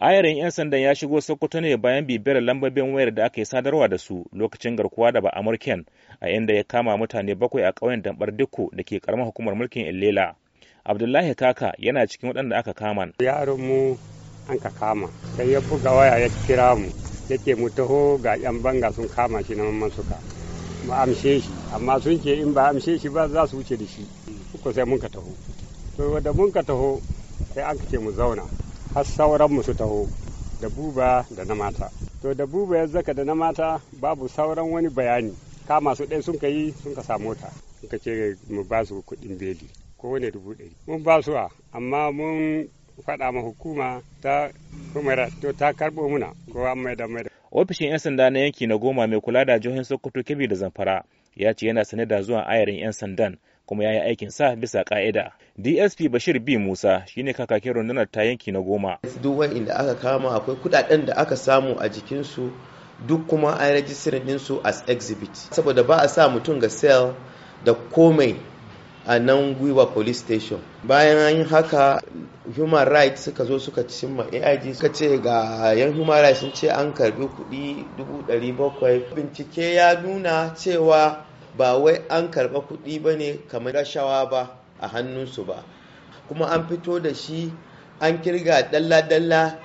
ayarin 'yan sandan ya shigo sokoto ne bayan bibiyar lambobin wayar da aka yi sadarwa da su lokacin garkuwa da ba amurken a inda ya kama mutane bakwai a ƙauyen dambar dikko da ke karamar hukumar mulkin illela abdullahi kaka yana cikin waɗanda aka kama yaron mu an ka kama sai ya buga waya ya kira mu yake mu taho ga yan banga sun kama shi na mamman suka mu amshe shi amma sun ce in ba amshe shi ba za su wuce da shi ko sai mun ka taho to da mun ka taho sai an ce mu zauna har sauran mu su taho da buba da na mata to da buba ya zaka da na mata babu sauran wani bayani kama su ɗaya sun ka yi sun ka samu mota sun ka mu ba su kuɗin beli ko wani dubu ɗari mun ba su amma mun faɗa ma hukuma ta kumara to ta karɓo muna ko an mai da mai da ofishin 'yan sanda na yanki na goma mai kula da jihohin sokoto kebbi da zamfara ya ce yana sane da zuwa ayarin 'yan sandan kuma ya yi aikin sa bisa ka'ida. DSP Bashir B Musa shine kakakin rundunar ta yanki na goma. Duk wa'inda aka kama akwai kudaden da aka samu a jikin su duk kuma an rajistirin ɗinsu as exhibit. Saboda ba a sa mutum ga da komai a nan gwiwa police station bayan an yi haka human rights suka zo suka cimma aig suka ce ga yan human rights sun ce an karbi kudi 700 bincike ya nuna cewa ba wai an karba kudi ba ne kamar rashawa ba a hannunsu ba kuma an fito da shi an kirga dalla-dalla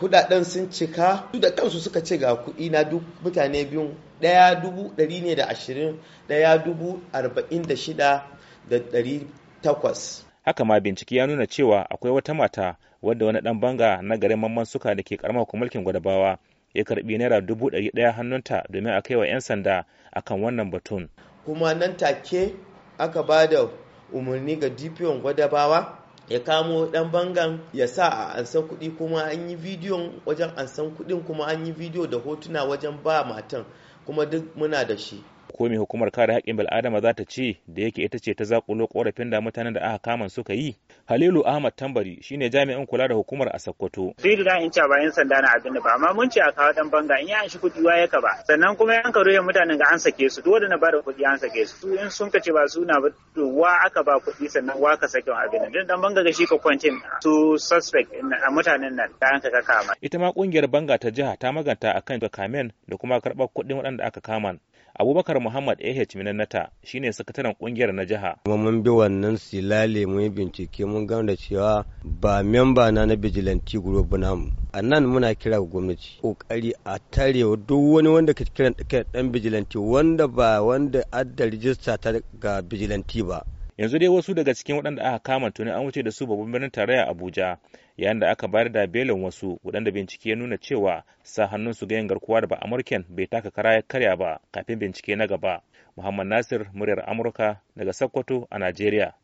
kudaden sun cika su da kansu suka ce ga kudi na duk mutane biyun daya dubu dari ne da ashirin daya dubu arba'in da shida da ɗari takwas. Haka ma bincike ya nuna cewa akwai wata mata wadda wani ɗan banga na garin mamman suka da ke karamar mulkin gwadabawa ya karbi naira dubu ɗari ɗaya hannunta domin a kai wa 'yan sanda akan wannan batun. Kuma nan take aka ba da umarni ga DPO gwadabawa ya kamo ɗan bangan ya sa a ansan kuɗi kuma an yi bidiyon wajen ansan kuɗin kuma an yi bidiyo da hotuna wajen ba matan kuma duk muna da shi. ko me hukumar kare haƙƙin bil'adama za ta ce da yake ita ce ta zakulo korafin da mutanen da aka kama suka yi Halilu Ahmad Tambari shine jami'in kula da hukumar a Sokoto. Sai da in ba bayan sanda na abin ba amma mun ce a kawo dan banga in ya an shi kuɗi waye ka ba sannan kuma yan karo mutanen ga an sake su duk na bada kuɗi an sake su su in sun kace ba su na to wa aka ba kuɗi sannan wa ka sake abin nan dan banga ga shi ka kwantin su suspect a mutanen nan da an ka kama. Ita ma kungiyar banga ta jiha ta maganta akan kamen da kuma karbar kudin waɗanda aka kama. abubakar muhammad ah minannata shine sakataren kungiyar na jiha kuma mun bi wannan silale mun yi bincike mun gano da cewa ba memba na na bijilanti group mu a nan muna kira ga gwamnati kokari a tarewa duk wani wanda ka kiran dan bijilanti wanda ba wanda adda rijista ta ga bijilanti ba yanzu dai wasu daga cikin waɗanda aka kama tuni an wuce da su babban birnin tarayya abuja yayin da aka bayar da belin wasu waɗanda bincike ya nuna cewa sa hannun su ga yin garkuwa da ba amurken bai taka kara ya karya ba kafin bincike na gaba muhammad nasir muryar amurka daga sokoto a najeriya